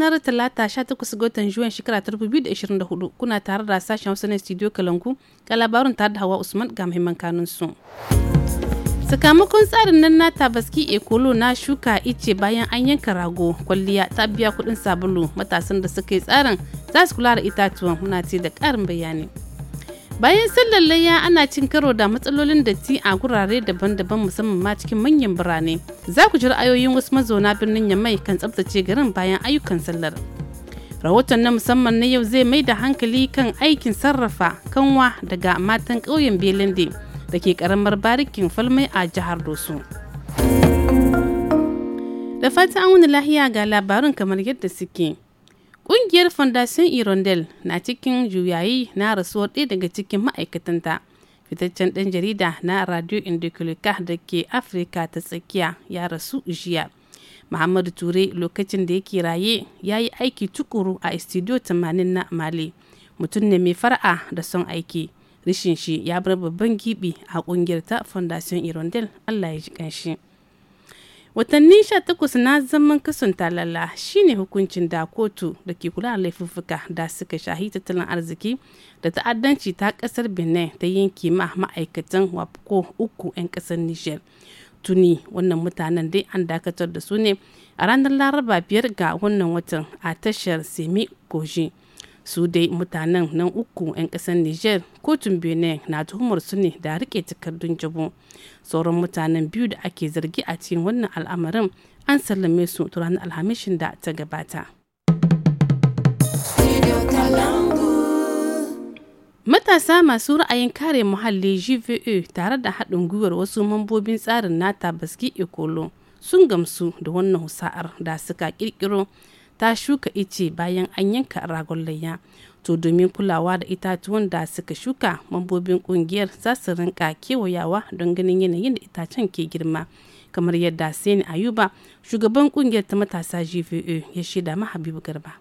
ranar talata 18 ga watan juyan shekara ta 2024 kuna tare da sashen wasu na studio kalangu ga labarin tare da hawa usman ga muhimman kanunsu sakamakon tsarin nan na baski ekolo na shuka ice bayan an yanka rago kwalliya ta biya kudin sabulu matasan da suka yi tsarin za su kula da itatuwan muna ce da karin bayani bayan sallar layya ana cin karo da matsalolin datti a gurare daban-daban musamman ma cikin manyan birane za ku ji ra'ayoyin wasu mazauna birnin yamai kan tsabtace garin bayan ayyukan sallar rahoton na musamman na yau zai mai da hankali kan aikin sarrafa kanwa daga matan ƙauyen belende da ke karamar barikin falmai a jihar dosu da fata an wani lahiya ga labarin kamar yadda suke Ƙungiyar Fondation Irondel na cikin juyayi na rasuwar ɗaya daga cikin ma'aikatanta. Fitaccen ɗan jarida na Radio Indikulika da ke Afirka ta tsakiya ya rasu jiya. Muhammadu Ture lokacin da yake raye ya yi aiki tukuru a Studio 80 na Mali. Mutum ne mai fara'a da son aiki. Rishin shi ya bar babban gibi a ƙungiyar ta Fondation Irondel Allah ya ji ƙanshi. watanni sha takwas na zaman kasan talala shine hukuncin da kotu da ke kula da laifuffuka da suka shahi tattalin arziki da ta'addanci ta kasar benin ta yanke ma ma'aikatan wapko uku 'yan kasar niger tuni wannan mutanen dai an dakatar da su ne a ranar laraba biyar ga wannan watan a tashar semi gojin su dai mutanen nan uku 'yan kasar niger kotun benin na tuhumar su ne da rike takardun jabo sauran mutanen biyu da ake zargi a cikin wannan al'amarin an sallame su ranar alhamishin da ta gabata matasa masu ra'ayin kare muhalli gva tare da haɗin gwiwar wasu mambobin tsarin nata baski ikolo sun gamsu da wannan husa'ar da suka kirkiro ta shuka ice bayan an yanka ragon layya to domin kulawa da itatuwan da suka shuka mambobin kungiyar za su rinka kewayawa don ganin yanayin da itacen ke girma kamar yadda sani ayuba shugaban kungiyar ta matasa gva ya shaida ma habibu garba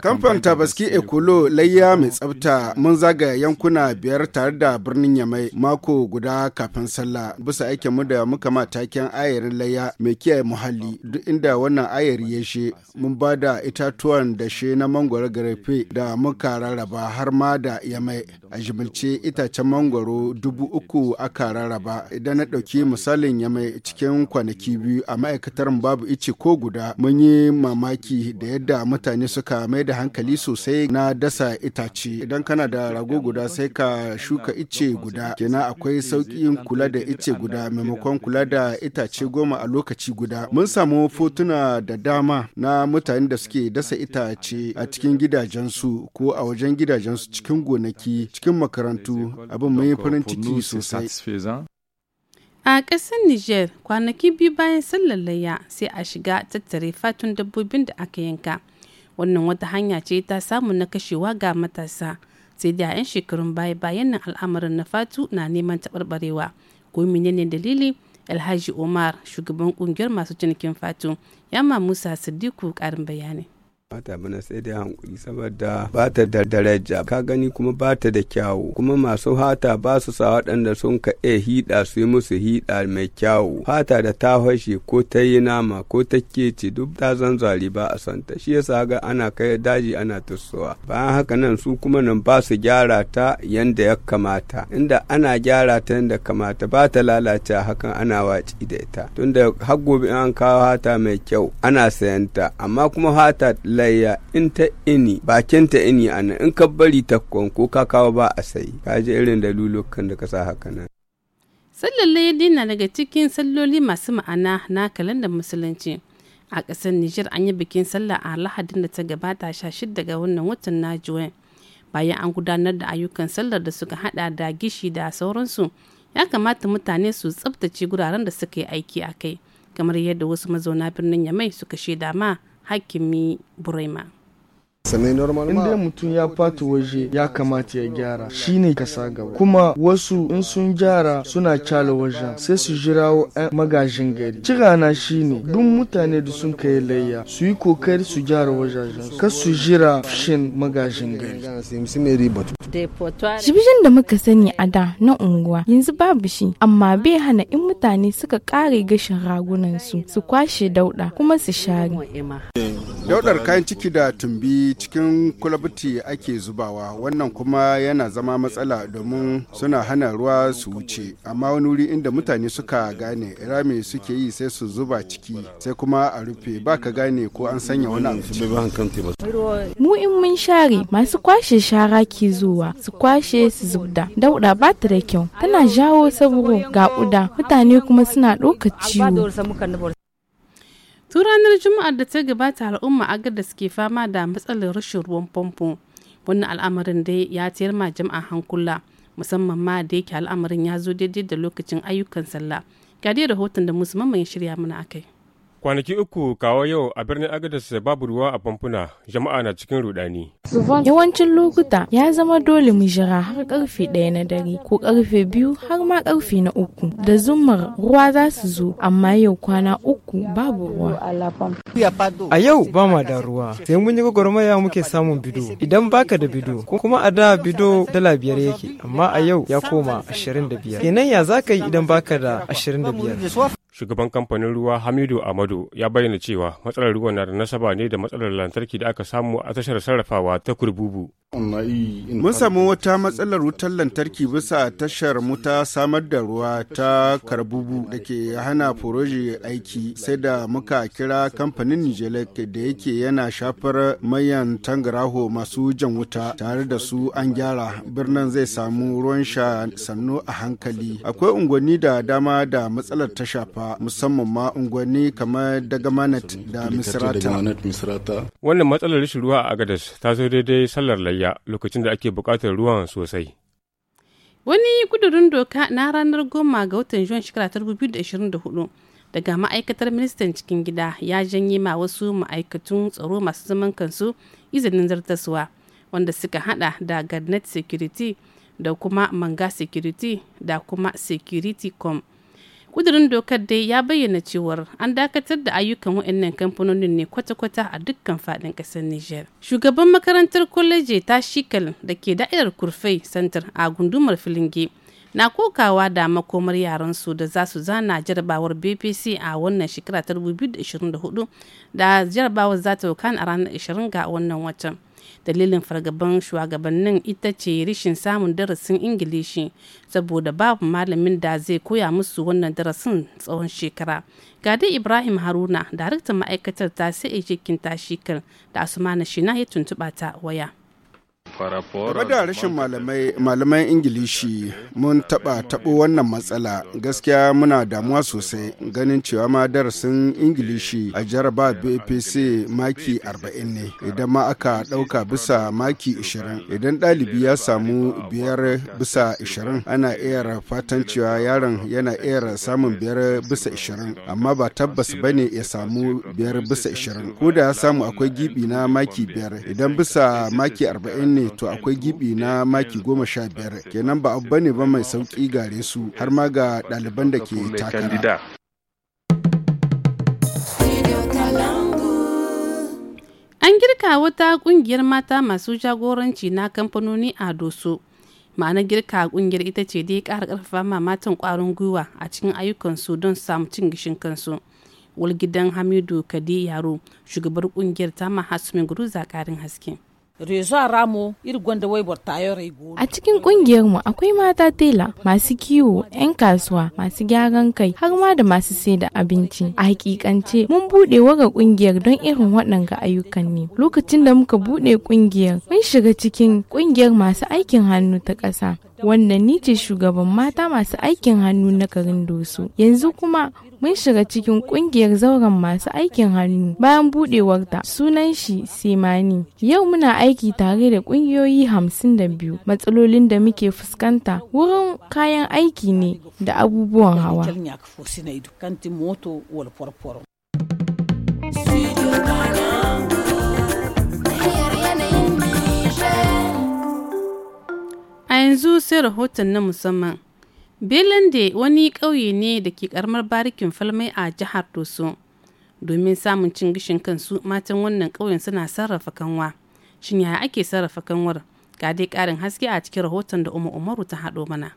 Kamfan Tabaski Ekolo layya mai tsafta mun zaga yankuna biyar tare da birnin Yamai mako guda kafin sallah bisa aikin mu da muka ma taken ayarin layya mai kiyaye muhalli duk inda wannan ayari ya she mun ba da itatuwan da she na mangoro garefe da muka rarraba har ma da Yamai a jimilce itacen mangoro dubu uku aka rarraba idan na ɗauki misalin Yamai cikin kwanaki biyu a ma'aikatar babu ice ko guda mun yi mamaki da yadda mutane suka mai da hankali sosai na dasa itace idan kana da rago guda sai ka shuka ice guda kenan akwai sauƙin kula da ice guda maimakon kula da itace goma a lokaci guda mun samu fotuna da dama na mutane da suke dasa itace a cikin gidajensu ko a wajen gidajensu cikin gonaki cikin makarantu abin mai farin ciki sosai A ƙasar niger kwanaki biyu bayan sallar layya sai a shiga tattare fatun dabbobin da aka yanka wannan wata hanya ce ta samu na kashewa ga matasa sai da 'yan shekarun baya bayan nan al'amarin na fatu na neman taɓarɓarewa ko menene dalili alhaji Umar shugaban ƙungiyar masu cinikin fatu yamma musa siddiku ƙarin bayani mata bana sai dai hankuri saboda ba ta da daraja ka gani kuma ba ta da kyawu kuma masu hata ba su sa waɗanda sun ka iya hiɗa su yi musu hiɗa mai kyawu hata da ta fashe ko ta yi nama ko ta kece duk ta zanzari ba a santa shi yasa ga ana kai daji ana tussowa bayan haka nan su kuma nan ba su gyara ta yanda ya kamata inda ana gyara ta yanda kamata ba ta lalace hakan ana waci da ita tunda har gobe an kawo hata mai kyau ana sayanta amma kuma hata layya in ta ini bakin ta ini in ka bari ta ko ka kawo ba a sai ka ji irin dalilokan da ka sa haka nan sallar layyadi na daga cikin salloli masu ma'ana na kalandar musulunci a ƙasar Nijar an yi bikin sallah a lahadin da ta gabata 16 ga wannan watan na Juwan. Bayan an gudanar da ayyukan sallar da suka hada da gishi da sauransu, ya kamata mutane su tsabtace guraren da suka yi aiki a kai, kamar yadda wasu mazauna birnin Yamai suka shaida ma hakimi burema in dai mutum ya fata waje ya kamata ya gyara shine kasa gaba kuma wasu in sun gyara suna cala waje sai su jirawo 'yan magajin gari cirana shine duk mutane da sun kai layya su yi kokari su gyara wajajen ka su jira shin magajin gari shibishin da muka sani a da na unguwa yanzu babu shi amma bai hana in mutane suka kare gashin ragunansu su su kwashe dauda kuma su share daudar kayan ciki da tumbi cikin kulabuti ake zubawa wannan kuma yana zama matsala domin suna hana ruwa su wuce amma wani wuri inda mutane suka gane rami suke yi sai su zuba ciki sai kuma a rufe ba ka gane ko an sanya wani abu mu in mun share masu kwashe shara ke zuwa su kwashe su zubda dauda ba ta da kyau tana jawo saburo ga kuda mutane kuma suna ɗaukar ciwo tun ranar juma'ar da ta gabata al'umma a da suke fama da matsalar rashin ruwan famfo wannan al'amarin dai ya tayar ma jama'a hankula musamman ma da yake al'amarin ya zo daidai da lokacin ayyukan sallah ga dai rahoton da musamman ya shirya mana akai Kwanaki uku kawo yau a birnin Agadez babu ruwa a famfuna jama'a na cikin rudani. Yawancin lokuta ya zama dole mu jira har karfe ɗaya na dare ko karfe biyu har ma karfe na uku da zumar ruwa za su zo amma yau kwana uku babu ruwa. A yau ba ma da ruwa sai mun yi gwagwarmaya muke samun bido idan baka da bido kuma a da bido dala biyar yake amma a yau ya koma ashirin da biyar kenan ya za ka yi idan baka da ashirin da biyar. shugaban kamfanin ruwa hamidu amadu ya bayyana cewa matsalar ruwan na da nasaba ne da matsalar lantarki da aka samu a tashar sarrafawa ta kurbubu mun samu wata matsalar wutar lantarki bisa tashar mu ta samar da ruwa ta karbubu da ke hana furoji aiki sai da muka kira kamfanin nijelek da yake yana shafar mayan tangaraho masu jan wuta tare da su an gyara birnin zai samu ruwan sha sannu a hankali akwai unguwanni da dama da matsalar ta shafa ba musamman ma unguwanni kamar daga manat da misrata. Wannan matsalar rashin ruwa a Agadas ta zo daidai sallar layya lokacin da ake bukatar ruwan sosai. Wani kudurin doka na ranar goma ga watan juan shekara 2024 daga ma'aikatar ministan cikin gida ya janye ma wasu ma'aikatun tsaro masu zaman kansu izinin zartaswa wanda suka hada da Garnet Security da kuma Manga Security da kuma com kudirin dokar dai ya bayyana cewar an dakatar da ayyukan waɗannan kamfanonin ne kwata-kwata a dukkan faɗin ƙasar niger shugaban makarantar kwaleji ta shikal da ke da'irar kurfai santar a gundumar filinge na kokawa da makomar yaran su da za su zana jarabawar bbc a wannan shekara 2024 da jarabawar za ta a ranar 20 ga wannan watan dalilin fargaban shugabannin ita ce rishin samun darasin ingilishi saboda babu malamin da zai koya musu wannan darasin tsawon shekara gadi ibrahim haruna daraktan ma'aikatar ta sai jikin tashi kan da na shina ya tuntuɓa ta waya Game da rashin malamai Ingilishi mun taɓa tabo wannan matsala gaskiya muna damuwa sosai ganin cewa ma darasin Ingilishi a jaraba BPC maki 40 ne idan ma aka ɗauka bisa maki 20 idan ɗalibi ya samu biyar bisa 20 ana iya fatan cewa yaron yana iya samun biyar bisa 20 amma ba tabbas bane ya samu biyar bisa 20 ko da ya samu akwai gibi na maki biyar idan bisa maki 40 ne ne to akwai gibi na maki goma sha biyar kenan ba abu bane ba mai sauki gare su har ma ga ɗaliban da ke takara. An girka wata kungiyar mata masu jagoranci na kamfanoni a Doso. Ma'anar girka kungiyar ita ce dai ƙara ƙarfafa ma matan ƙwarin gwiwa a cikin ayyukansu don samu cin gishin kansu. Walgidan Hamidu Kadi Yaro, shugabar kungiyar ta ma Hasumin guru zakarin haske. Ramo A cikin mu akwai mata tela masu kiwo, 'yan kasuwa, masu gyaran kai, har ma da masu sai da abinci. A hakikance mun buɗe waga ƙungiyar don irin waɗanga ayyukan ne. Lokacin da muka buɗe ƙungiyar, mun shiga cikin ƙungiyar masu aikin hannu ta ƙasa. wannan ni ce shugaban mata masu aikin hannu na garin Doso. Yanzu kuma mun shiga cikin kungiyar zauren masu aikin hannu bayan ta, sunan shi Semani. Yau muna aiki tare da kungiyoyi hamsin da biyu matsalolin da muke fuskanta wurin kayan aiki ne da abubuwan hawa. yanzu sai rahoton na musamman. Belande wani ƙauye ne da ke karamar barikin falmai a jihar Doso. Domin samun cin gishin kansu matan wannan ƙauyen suna sarrafa kanwa. Shin yaya ake sarrafa kanwar? Ga dai ƙarin haske a cikin rahoton da Umar Umaru ta haɗo mana.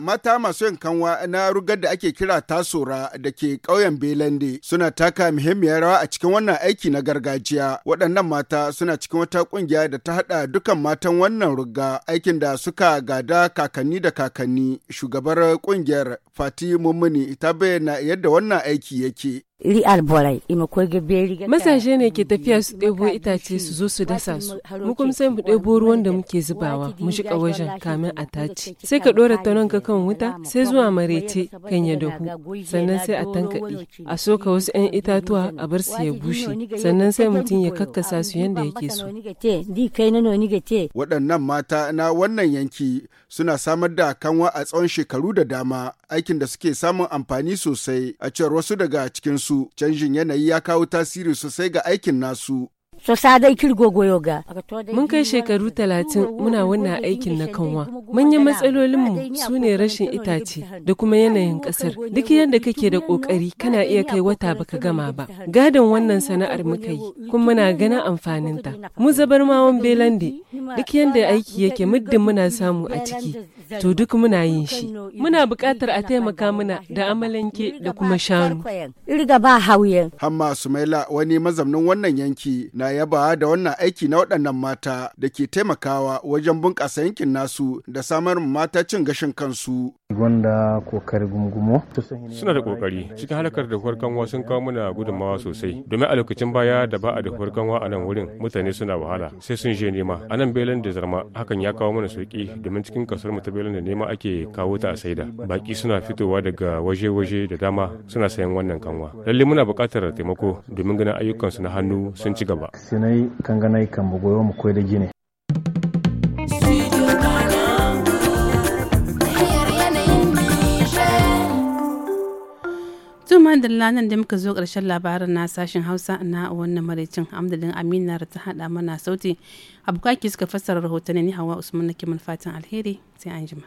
mata masu yin kanwa na rugar da ake kira tasora da ke ƙauyen belande suna taka muhimmiyar rawa a cikin wannan aiki na gargajiya waɗannan mata suna cikin wata ƙungiya da ta haɗa dukan matan wannan ruga aikin da suka gada kakanni da kakanni shugabar ƙungiyar fati mummuni ta bayyana yadda wannan aiki yake Mazaje ne ke tafiya su ɗebo itace su zo su dasa su. Mu kuma sai mu ɗebo ruwan da muke zubawa mu shiga wajen kamin a tace. Sai ka ɗora tanon ka kan wuta sai zuwa marece kan ya dahu. Sannan sai a tankaɗe. A soka wasu 'yan itatuwa a bar su ya bushe. Sannan sai mutum ya kakkasa su yadda yake so. Waɗannan mata na wannan yanki suna samar da kanwa a tsawon shekaru da dama aikin da suke samun amfani sosai a cewar wasu daga cikin su. su canjin yanayi ya kawo tasiri sosai ga aikin nasu. so sadai kirgo goyo ga mun kai shekaru talatin muna wannan aikin na kanwa manyan matsalolin mu su ne rashin itace da kuma yanayin ƙasar duk yadda kake da kokari kana iya kai wata baka gama ba gadon wannan sana'ar muka yi kuma muna ganin amfanin ta mu zabar mawon belande duk yadda aiki yake muddin muna samu a ciki to duk muna yin shi muna buƙatar a taimaka mana da amalanke da kuma shanu irga ba hauyen hamma sumaila wani mazamnin wannan yanki na A yaba da wannan aiki na waɗannan mata da ke taimakawa wajen bunƙasa yankin nasu da samar mata cin gashin kansu. gwanda suna da kokari cikin halakar da kanwa sun kawo mana gudunmawa sosai domin a lokacin baya da ba a da kanwa a nan wurin mutane suna wahala sai sun je nema a nan belen da zarma hakan ya kawo mana sauki domin cikin kasar mu ta belen da nema ake kawo ta a saida baki suna fitowa daga waje-waje da dama suna sayan wannan kanwa lalle muna buƙatar taimako domin ganin ayyukansu na hannu sun ci gaba sinai kan ganai kan mu goyo mu koyi da gine madalla nan da muka zo ƙarshen labarin na sashen hausa na wannan maraicin amdalin amina ta haɗa mana sauti abokaki suka fassara rahotanni hawa usman na kiman fatan alheri sai an jima.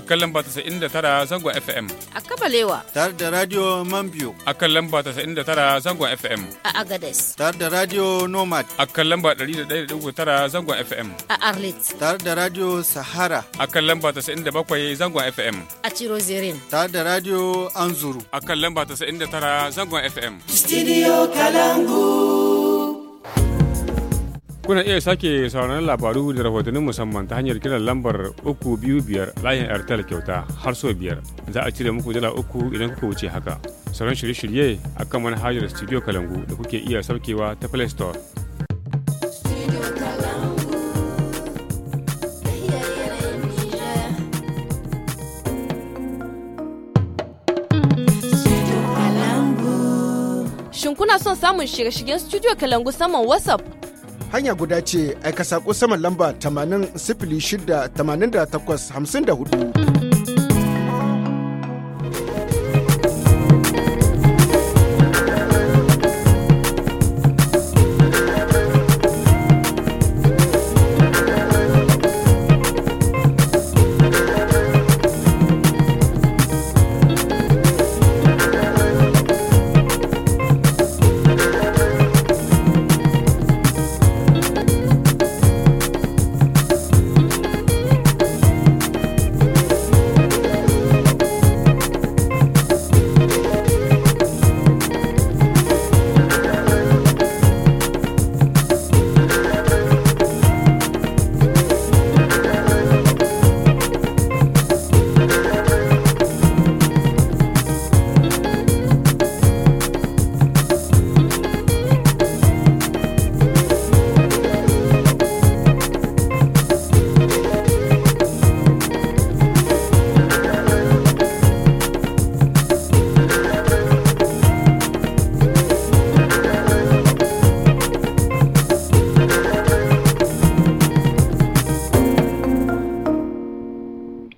akan lamba 99 zangon FM. A Kabalewa. Tare da Radio Mambio. Akan lamba 99 zangon FM. A Agades. Tare da Radio Nomad. Akan lamba 101.9 zangon FM. A Arlit. Tare da Radio Sahara. Akan lamba 97 zangon FM. A Chirozirin. Tare da Radio Anzuru. Akan lamba 99 zangon FM. Studio Kalangu. Kuna iya sake sauraron labaru da rahotannin musamman ta hanyar kiran lambar 325 layin Airtel kyauta har so biyar. Za a cire muku dala uku idan kuka wuce haka. Sauran shirye-shirye a kan manhajar Studio Kalangu da kuke iya saukewa ta Play Store. Shin kuna son samun shirye-shiryen Studio Kalangu saman WhatsApp? hanya guda ce aika saƙo saman lamba 80 68 54.